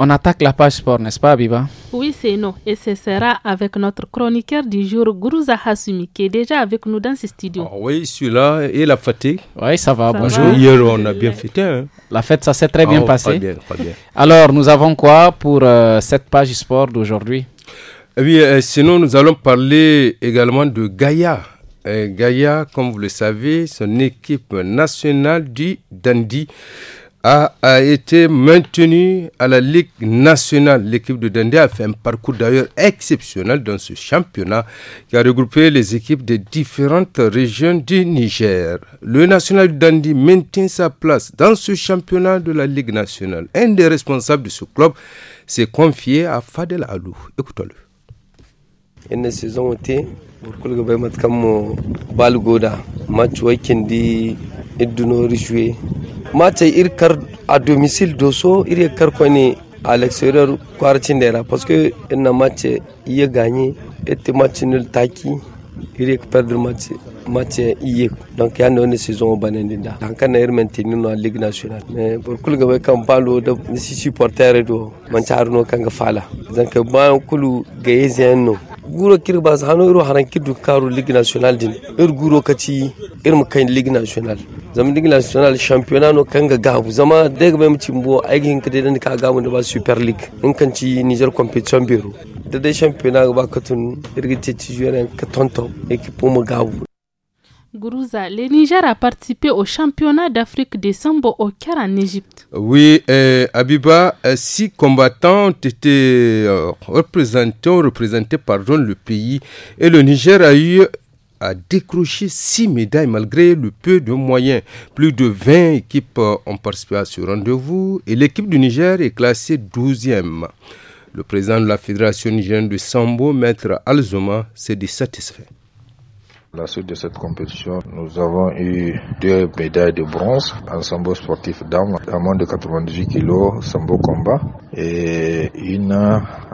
B: On
A: attaque la page sport, n'est-ce pas, Biba
B: Oui, c'est nous. Et ce sera avec notre chroniqueur du jour, Guruza Hasumi, qui est déjà avec nous dans ce studio. Ah
I: oui, celui-là. Et la fatigue Oui, ça va. bonjour. Hier, on a bien fêté. Hein. La fête, ça s'est très bien ah, passé. bien, bien.
A: Alors, nous avons quoi
I: pour euh, cette page sport d'aujourd'hui eh Oui, euh, sinon, nous allons parler également de Gaïa. Euh, Gaïa, comme vous le savez, c'est une équipe nationale du Dandy a, été maintenu à la Ligue nationale. L'équipe de Dandé a fait un parcours d'ailleurs exceptionnel dans ce championnat qui a regroupé les équipes des différentes régions du Niger. Le national de dandy maintient sa place dans ce championnat de la Ligue nationale. Un des responsables de ce club s'est confié à Fadel Alou. Écoutons-le. une saison été, pour ga bai matkan balgoda match E e match irkar kar domicile doso iri kar e koni à l'extérieur quartindera parce que ina match iye ganye et match nul taki iri perdre mace match iye donc ya wani saison banen dinda an kan ir maintenir na ligue nationale mais pour kul gabe kan palo da si supporter do man charno kan ga fala zan ka ba kulu ga yezen guro kirba bas hano iro haran kir ligue national din ir guro kaci ir mu kan ligue national zama ligue national championnat no kanga gabu zama daga bai mu cimbo aikin ka dai ka gamu da ba super league in kan ci niger competition bureau da dai championnat ba ka tun irgice ci ka tonto ekipo mu gabu
B: Gourouza, le Niger a participé au championnat d'Afrique de Sambo au Caire en Égypte.
I: Oui, euh, Abiba, euh, six combattants euh, ont été représentés, par le pays et le Niger a eu à décroché six médailles malgré le peu de moyens. Plus de 20 équipes ont participé à ce rendez-vous et l'équipe du Niger est classée 12e. Le président de la Fédération nigérienne de Sambo, Maître Alzoma, s'est dissatisfait.
K: À la suite de cette compétition, nous avons eu deux médailles de bronze en sambo sportif dames à moins de 98 kg, sambo combat et une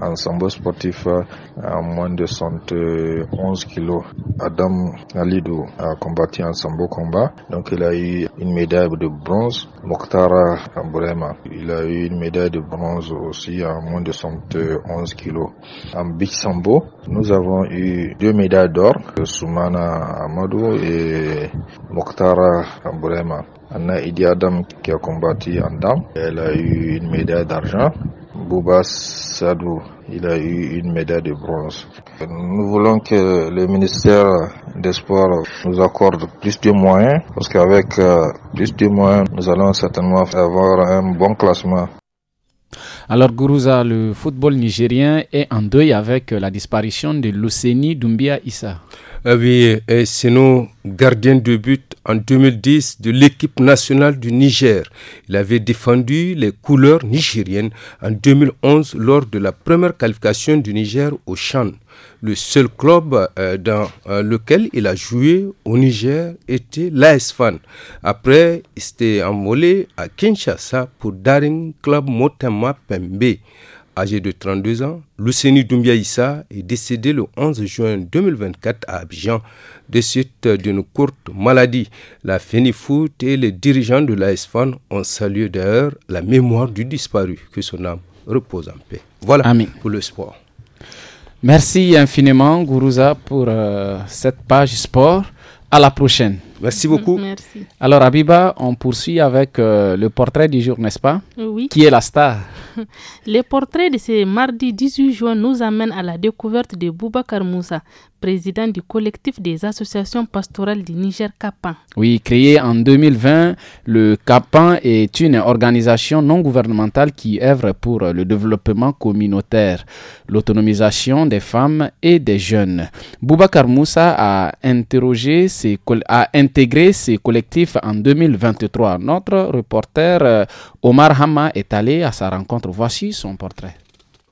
K: ensemble sportif à moins de 111 kilos. Adam Alidou a combattu Sambo combat, donc il a eu une médaille de bronze. Mokhtara Brema, il a eu une médaille de bronze aussi à moins de 111 kilos. En Big Sambo, nous avons eu deux médailles d'or, Soumana Amadou et Mokhtara Brema. Anna Idi Adam qui a combattu en Elle a eu une médaille d'argent. Bouba Sadou, il a eu une médaille de bronze. Nous voulons que le ministère des Sports nous accorde plus de moyens, parce qu'avec euh, plus de moyens, nous allons certainement avoir un bon classement.
A: Alors Gourouza, le football nigérien est en deuil avec la disparition de Luceni Doumbia Issa.
I: Ah oui, c'est nos gardien de but en 2010 de l'équipe nationale du Niger. Il avait défendu les couleurs nigériennes en 2011 lors de la première qualification du Niger au Chan le seul club euh, dans euh, lequel il a joué au Niger était l'AS Après, il s'était envolé à Kinshasa pour Daring Club Motema Pembe. Âgé de 32 ans, Luceni Doumbia est décédé le 11 juin 2024 à Abidjan de suite d'une courte maladie. La Foot et les dirigeants de l'AS ont salué d'ailleurs la mémoire du disparu, que son âme repose en paix. Voilà pour le sport. Merci infiniment, Gourouza, pour
A: euh, cette page sport. À la prochaine. Merci beaucoup. Merci. Alors, Abiba, on poursuit avec euh, le portrait du jour, n'est-ce pas Oui. Qui est la star
B: Le portrait de ce mardi 18 juin nous amène à la découverte de Boubacar Moussa, président du collectif des associations pastorales du Niger Capan.
A: Oui, créé en 2020, le Capan est une organisation non gouvernementale qui œuvre pour le développement communautaire, l'autonomisation des femmes et des jeunes. Boubacar Moussa a interrogé ses, collègues intégrer ces collectifs en 2023. Notre reporter euh, Omar Hama est allé à sa rencontre. Voici son portrait.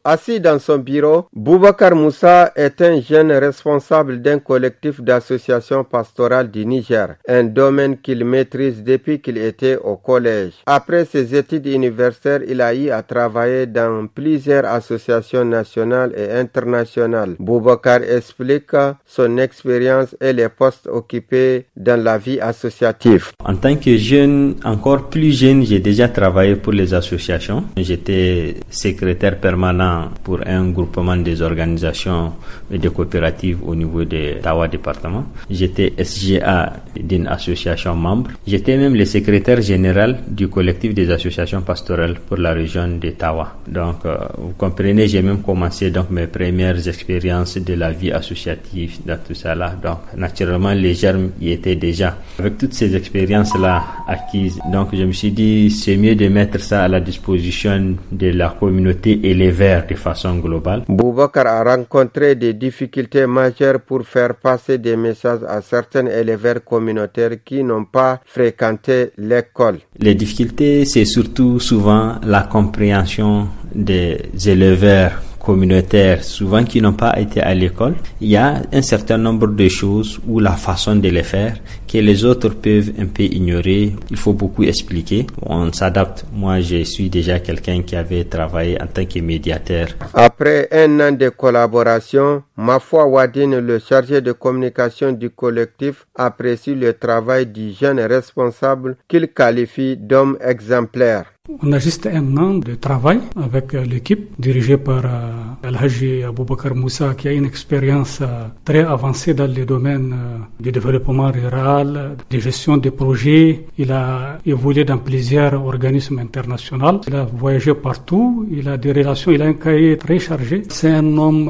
L: Assis dans son bureau, Boubacar Moussa est un jeune responsable d'un collectif d'associations pastorales du Niger, un domaine qu'il maîtrise depuis qu'il était au collège. Après ses études universitaires, il a eu à travailler dans plusieurs associations nationales et internationales. Boubacar explique son expérience et les postes occupés dans la vie associative.
M: En tant que jeune, encore plus jeune, j'ai déjà travaillé pour les associations. J'étais secrétaire permanent pour un groupement des organisations de coopératives au niveau de Tawa département. J'étais SGA d'une association membre. J'étais même le secrétaire général du collectif des associations pastorales pour la région de Tawa. Donc, euh, vous comprenez, j'ai même commencé donc mes premières expériences de la vie associative dans tout ça là. Donc, naturellement, les germes y étaient déjà. Avec toutes ces expériences-là acquises, donc je me suis dit, c'est mieux de mettre ça à la disposition de la communauté et les verts de façon globale.
L: Boubacar a rencontré des difficultés majeures pour faire passer des messages à certains élèves communautaires qui n'ont pas fréquenté
M: l'école. Les difficultés, c'est surtout souvent la compréhension des éleveurs communautaires, souvent qui n'ont pas été à l'école, il y a un certain nombre de choses ou la façon de les faire que les autres peuvent un peu ignorer. Il faut beaucoup expliquer. On s'adapte. Moi, je suis déjà quelqu'un qui avait travaillé en tant que médiateur.
L: Après un an de collaboration, Mafoua Wadine, le chargé de communication du collectif, apprécie le travail du jeune responsable qu'il qualifie d'homme exemplaire.
H: On a juste un an de travail avec euh, l'équipe dirigée par euh, Al-Haji Aboubakar Moussa qui a une expérience euh, très avancée dans les domaines du développement rural, de gestion des projets. Il a évolué dans plusieurs organismes internationaux. Il a voyagé partout. Il a des relations. Il a un cahier très chargé. C'est un homme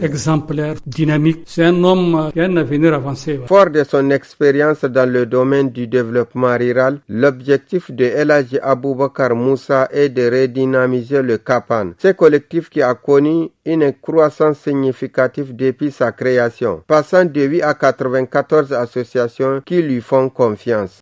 H: exemplaire, dynamique. C'est un homme qui euh, a un avenir avancé.
L: Fort de son expérience dans le domaine du développement rural, l'objectif de Elhaji Aboubacar Moussa est de redynamiser le Capan. ce collectif qui a connu une croissance significative depuis sa création, passant de 8 à 94 associations qui lui font confiance.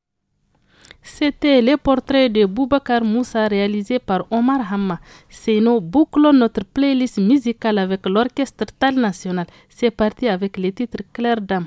B: C'était le portrait de Boubacar Moussa réalisé par Omar Hamma. C'est nous bouclons notre playlist musicale avec l'orchestre Tal National. C'est parti avec les titres Claire Dame.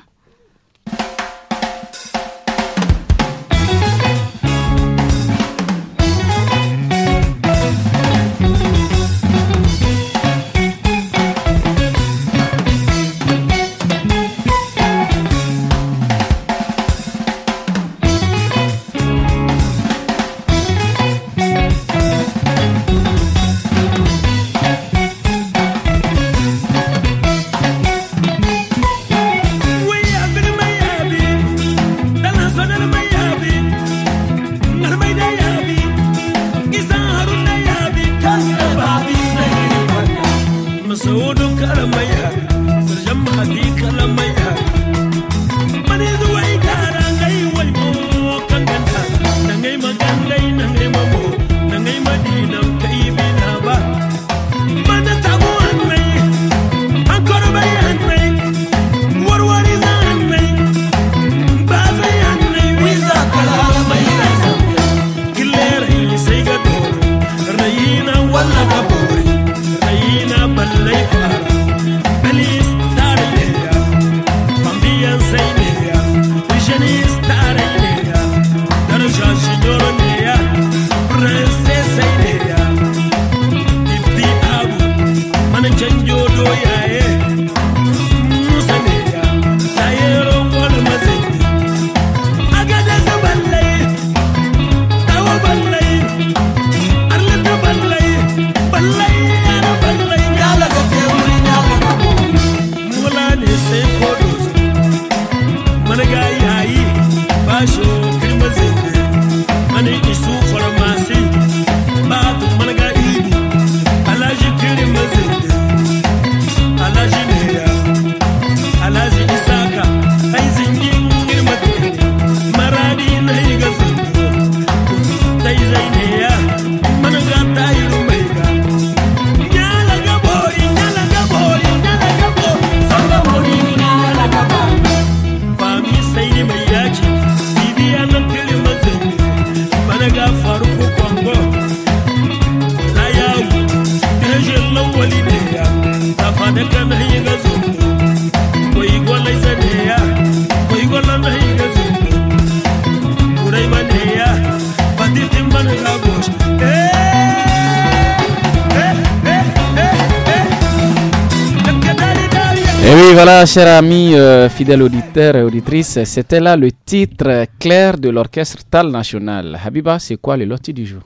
A: cher chers amis, auditeur fidèles auditeurs et auditrices, c'était là le titre clair de l'orchestre Tal National. Habiba, c'est quoi le loti du jour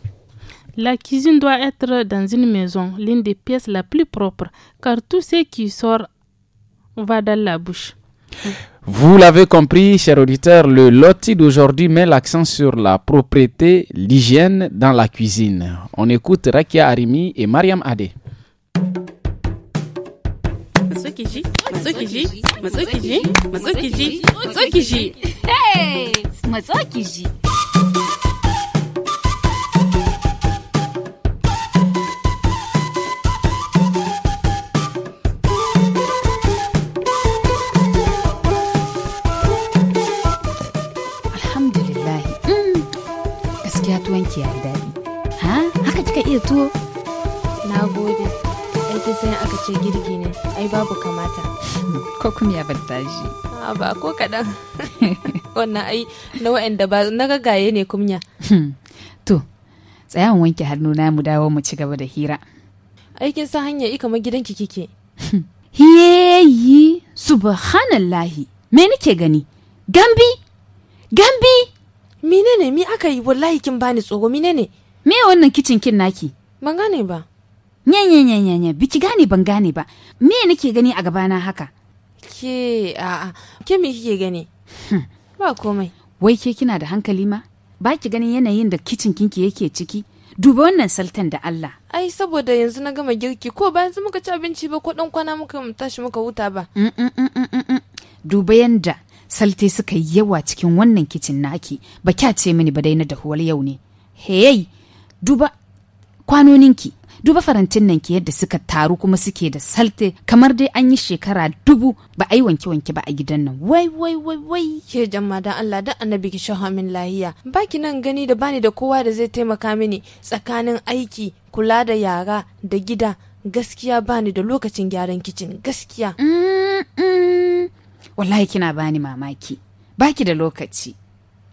B: La cuisine doit être dans une maison, l'une des pièces la plus propre, car tout ce qui sort va dans la bouche.
A: Vous l'avez compris, chers auditeurs, le loti d'aujourd'hui met l'accent sur la propriété, l'hygiène dans la cuisine. On écoute Rakia Arimi et Mariam Adé.
B: matsukiji matsukiji matsukiji matsukiji matsukiji
N: matsukiji Alhamdulillah, mm. gaskiya tuwon ki ya daɗi. Ha, haka kika iya tuwo?
O: ita sai aka ce girki ne ai babu kamata ko kuma ya banta shi ba ko kaɗan wannan ai na wa'anda ba na gagaye ne kumya
N: hmm. to tsayawan wanke hannu na mu dawo mu ci gaba da hira
O: aikin sa hanya ika ma gidanki kike hmm. yi subhanallahi me nake gani gambi gambi menene mi aka yi wallahi kin bani tsoro menene me wannan kicin kin naki ban gane ba Nyanyanyanyanya,
N: biki gane ban gane ba. Me nake gani a gabana haka?
O: Ke, a
N: ke me kike gani? Hmm. Ba komai. Wai ke kina da hankali ma? Ba ki ganin yanayin da kicin kinki yake ciki? Duba wannan saltan da Allah.
O: Ai, saboda yanzu na gama girki ko bayan su muka ci abinci ba ko ɗan kwana muka tashi muka huta ba.
N: Mm, mm, mm, duba yanda salte suka yi yawa cikin wannan kicin naki ba kya ce mini ba dai na dahuwar yau ne. Hey, duba kwanoninki. duba farantin nan ke yadda suka taru kuma suke da salte kamar dai an yi shekara dubu ba a yi wanke-wanke ba a gidan nan
O: wai wai wai wai ke jama da Allah da annabi ki shaha min lahiya baki nan gani da bani da kowa da zai taimaka mini tsakanin aiki kula da yara da gida gaskiya bani da lokacin gyaran kicin gaskiya wallahi
N: kina bani mamaki baki da lokaci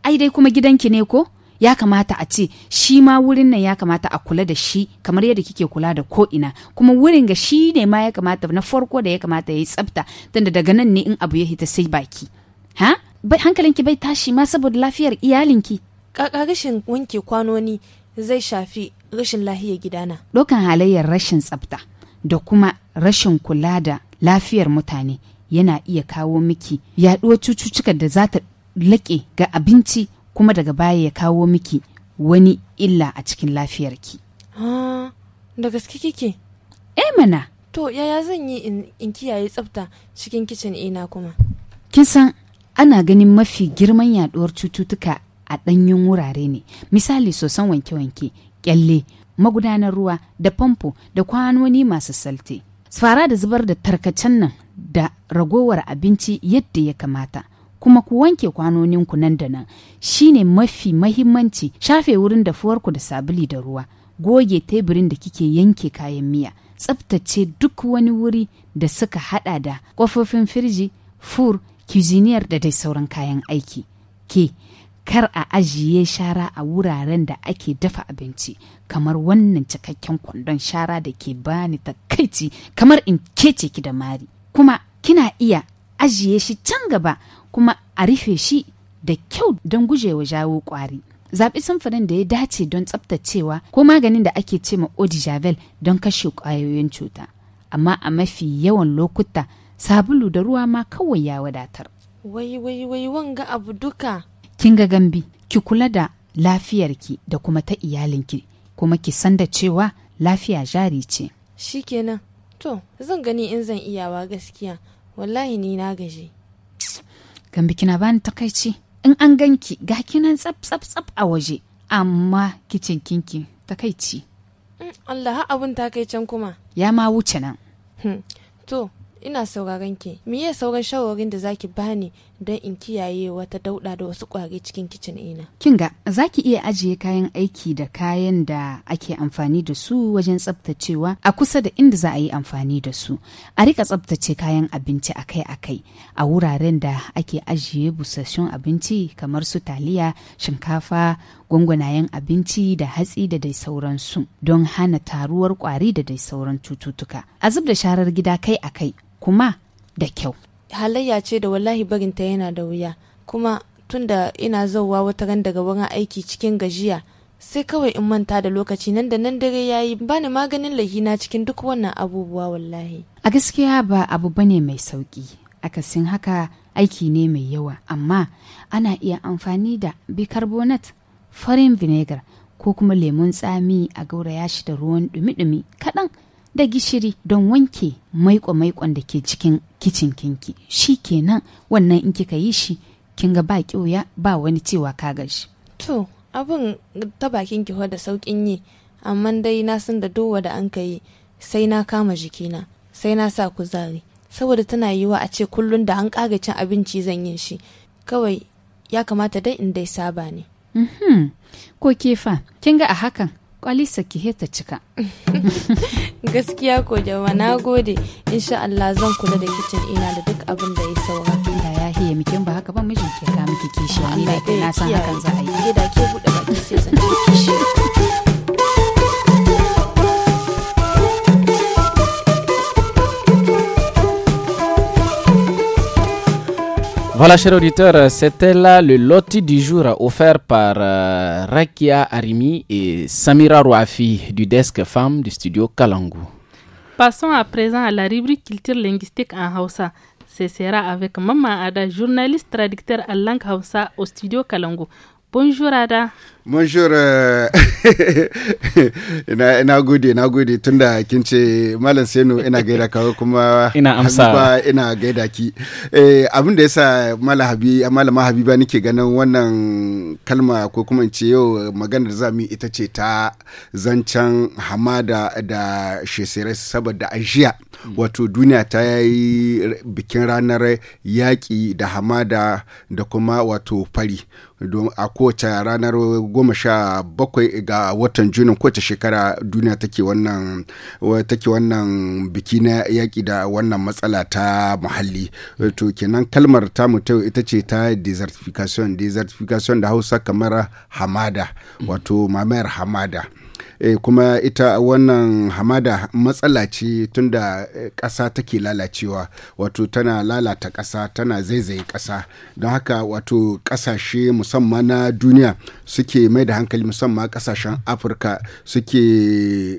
N: ai dai kuma gidanki ne ko ya kamata a ce shi ma wurin nan ya kamata a kula da shi kamar yadda kike kula da ko ina kuma wurin ga shi ne ma ya kamata na farko da ya kamata ya yi tsafta tunda daga nan ne in abu ya hita sai baki
O: ha bai hankalinki bai tashi ma saboda lafiyar iyalinki rashin wanke kwanoni zai shafi rashin lahiyar gidana
N: dokan halayyar rashin tsabta da kuma rashin kula da lafiyar mutane yana iya kawo miki yaɗuwar cututtukan da za ta laƙe ga abinci kuma daga baya ya kawo miki wani illa a cikin lafiyarki.
O: Ah, da gaske kike? Eh mana. To yaya zan yi in, kiyaye tsafta cikin kicin ina kuma?
N: Kin san ana ganin mafi girman yaduwar cututtuka a ɗanyen wurare ne. Misali sosan wanke-wanke, kyalle, magudanar ruwa da famfo da kwanoni masu salte. Fara da zubar da tarkacen nan da ragowar abinci yadda ya kamata. kuma ku wanke kwanoninku nan da nan shine mafi mahimmanci shafe wurin dafuwarku da sabuli da ruwa goge teburin da kike yanke kayan miya tsaftace duk wani wuri da suka hada da kofofin firji fur kiziniyar da dai sauran kayan aiki ke kar a ajiye shara a wuraren da ake dafa abinci kamar wannan cikakken kwandon shara da ke bani takaici kamar in kece ki da mari kuma kina iya ajiye shi can gaba kuma a rufe shi da kyau don gujewa jawo kwari. zaɓi samfurin da ya dace don tsaftacewa ko maganin da ake ce ma odijavel don kashe ƙwayoyin cuta amma a mafi yawan lokuta sabulu da ruwa ma kawai ya wadatar
O: wai wai wai wanga abu duka
N: kin ga gambi ki kula da lafiyarki da kuma ta iyalinki kuma ki san da cewa lafiya jari ce
O: shikenan to zan gani in zan iyawa gaskiya wallahi ni na gaji
N: Gambi na bani takaici in an ganki ga kinan tsaf tsab tsaf a waje amma kicin kinki takaici.
O: Mm, Allah abun takaicen kuma.
N: Ya ma wuce nan. Hmm,
O: to ina sauraron ki. Me ya sauran shawarin da zaki bani don in kiyaye wata dauɗa da wasu ƙwari cikin kicin ina.
N: Kinga, za ki iya ajiye kayan aiki da kayan da ake amfani da su wajen tsaftacewa a kusa da inda za a yi amfani da su. A rika tsaftace kayan abinci akai-akai a wuraren da ake ajiye busassun abinci kamar su taliya, shinkafa, gwangwanayen abinci da hatsi da dai sauransu don hana taruwar ƙwari da dai sauran cututtuka. A zub da sharar gida kai-akai kuma da kyau.
O: halayya ce da wallahi barinta yana da wuya kuma tunda ina zauwa wata ran daga wurin aiki cikin gajiya sai kawai in manta da lokaci nan da nan dare yayi bani maganin lahina cikin duk wannan abubuwa wallahi
N: a gaskiya ba abu bane mai sauki akasin haka aiki ne mai yawa amma ana iya amfani da bicarbonate farin vinegar ko kuma lemun tsami a gauraya shi da ruwan dumi-dumi kaɗan da gishiri don wanke maiko-maikon da ke cikin kicin kinki shi kenan wannan in kika yi shi kin ga ba ƙyoya ba wani cewa ka gashi.
O: to abin ta bakin ki da sauƙin yi amma dai na san da dowa da an yi sai na kama jikina sai na sa kuzari saboda tana yiwa a ce kullum da an kaga cin abinci zan yin shi kawai ya kamata dai in dai saba ne. Mhm. ko kefa kin ga a hakan kwalisa ki heta cika gaskiya ko jama na gode insha Allah zan kula da kicin ina da duk abin da ya saura da ya hiye
N: mikin ba haka ba mijin ke ka miki kishi ni da na san hakan za a
D: yi gida ke bude baki sai san
B: kishi
A: Voilà, chers auditeurs, c'était là le loti du jour offert par euh, Rakia Arimi et Samira Rouafi du desk femme du studio Kalangu.
B: Passons à présent à la rubrique culture linguistique en Hausa. Ce sera avec Maman Ada, journaliste traducteur à langue Hausa au studio Kalangu. Bonjour Ada.
J: Bonjour. Eh, ina ina gode ina gode tunda kin ce Malam Seno ina gaida ka kuma ina amsa ina gaida ki. Eh abin da yasa Malam Habi Malama Habiba nake ganin wannan kalma ko kuma in ce yau maganar mu ita ce ta zancan hamada da shesere saboda ajiya wato duniya ta yi bikin ranar yaƙi da hamada da kuma wato fari a kowace ranar goma sha bakwai ga watan junin kowace shekara duniya take wannan take wannan biki na yaƙi da wannan matsala ta muhalli to kenan kalmar ta ta ita ce ta desertification desertification da hausa kamar hamada wato mamayar hamada e, kuma ita wannan hamada matsala ce tunda eh, ƙasa take lalacewa wato tana lalata ƙasa tana zaizaye ƙasa don haka wato ƙasashe musamman na duniya suke mai da hankali musamman ƙasashen afirka suke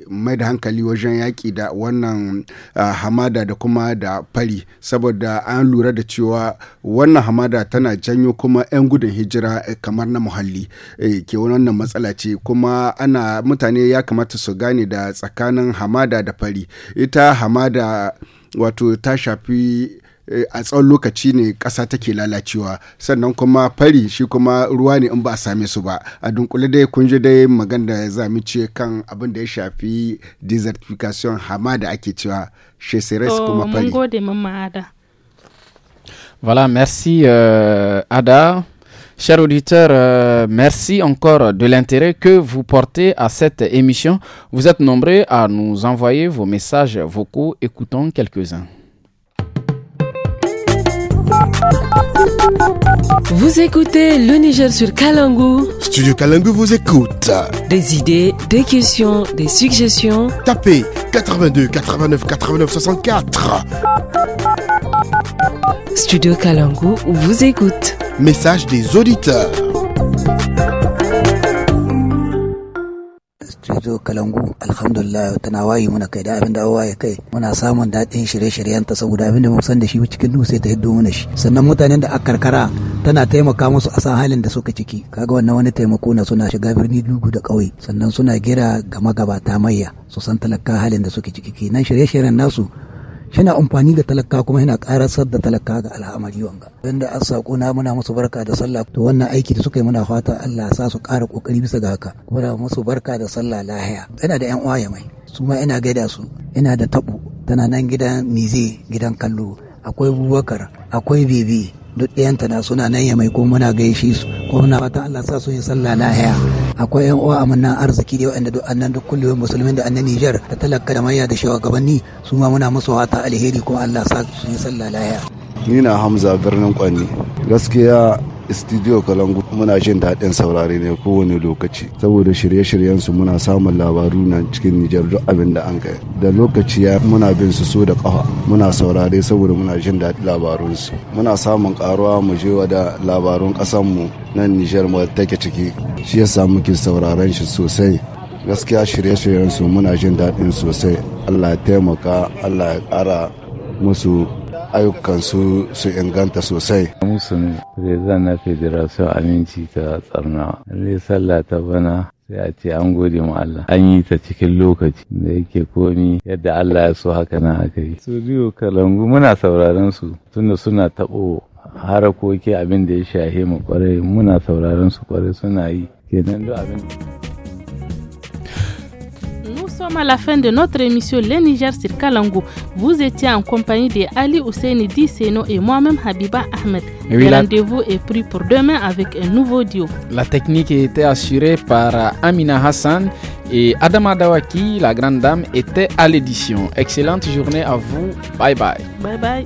J: mai da hankali wajen yaƙi da wannan uh, hamada da kuma da fari saboda an lura da cewa wannan hamada tana janyo kuma 'yan gudun hijira eh, kamar na muhalli e, ke wannan matsala ce kuma ana mutane ya kamata su gane da tsakanin hamada da fari ita hamada wato ta shafi eh, a tsawon lokaci ne ƙasa take lalacewa sannan kuma fari shi kuma ruwa ne in ba a same su ba a dunkule dai kun dai magana da za mu ce kan abin da ya shafi desertification hamada ake cewa sheseres
A: oh, kuma fari.
J: Voilà, merci
A: euh, Ada. Chers auditeurs, euh, merci encore de l'intérêt que vous portez à cette émission. Vous êtes nombreux à nous envoyer vos messages vocaux. Écoutons quelques-uns.
O: Vous écoutez le Niger sur Kalangu.
J: Studio Kalangu vous écoute. Des idées, des questions, des suggestions. Tapez 82 89 89 64. Studio Kalangu vous
P: écoute. Message des auditeurs. studio kalangu alhamdulillah Tanawai, muna kai da abin da kai muna samun daɗin shirye-shiryen ta saboda abin da mu san da shi cikin duhu sai ta hiddo mana shi sannan mutanen da a karkara tana taimaka musu a san halin da suka ciki kaga wannan wani taimako na suna shiga birni dugu da ƙauye sannan suna gira ga magabata mayya su san talaka halin da suke ciki kenan shirye-shiryen nasu yana amfani da talaka kuma yana karasar da talaka ga al'amari wanga da an sako na muna musu barka da sallah to wannan aiki da suka yi muna fata Allah sa su kara kokari bisa ga haka muna musu barka da sallah lahiya yana da yan uwa mai su ma ina gaida su Yana da tabo tana nan gidan mize gidan kallo akwai bubakar akwai bebe duk ta da suna nan ya mai ko muna gaishe su ko muna fatan Allah sa su yi sallah lahiya akwai yan uwa nan arziki da waɗanda duk annan duk kullu musulmin da annan Niger da talaka da manya da shugabanni su ma muna musu wata alheri kuma Allah sa su yi sallah lahiya
J: ni na Hamza birnin kwani gaskiya studio kalangu muna jin daɗin saurari ne kowane lokaci saboda shirye-shiryen su muna samun labaru na cikin nijar duk abin da an kai da lokaci ya muna bin su so da ƙafa muna saurare saboda muna jin daɗin labarun su muna samun ƙaruwa mu je da labarun kasan mu nan nijar mu take ciki shi yasa muke sauraren shi sosai gaskiya shirye-shiryen su muna jin daɗin sosai allah ya taimaka allah ya ƙara musu ayyukansu su inganta sosai. Musun
I: Reza na Federation Aminci ta tsarna Tsarnawa. Sallah ta bana sai a ce an gode mu Allah an yi ta cikin lokaci da yake komi yadda Allah ya so haka na haka yi studio kalangu muna sauraron su tunda suna tabo harakoki abin da ya shahe mu kwarai muna sauraron su kwarai suna yi kenan duk abin
B: sommes à la fin de notre émission Le Niger sur Kalangou. Vous étiez en compagnie de Ali Ousseini Disseno et moi-même Habiba Ahmed. Le rendez-vous est pris pour demain avec un nouveau duo.
A: La technique était assurée par Amina Hassan et Adama Dawaki, la grande dame, était à l'édition. Excellente journée à vous. Bye bye.
F: Bye bye.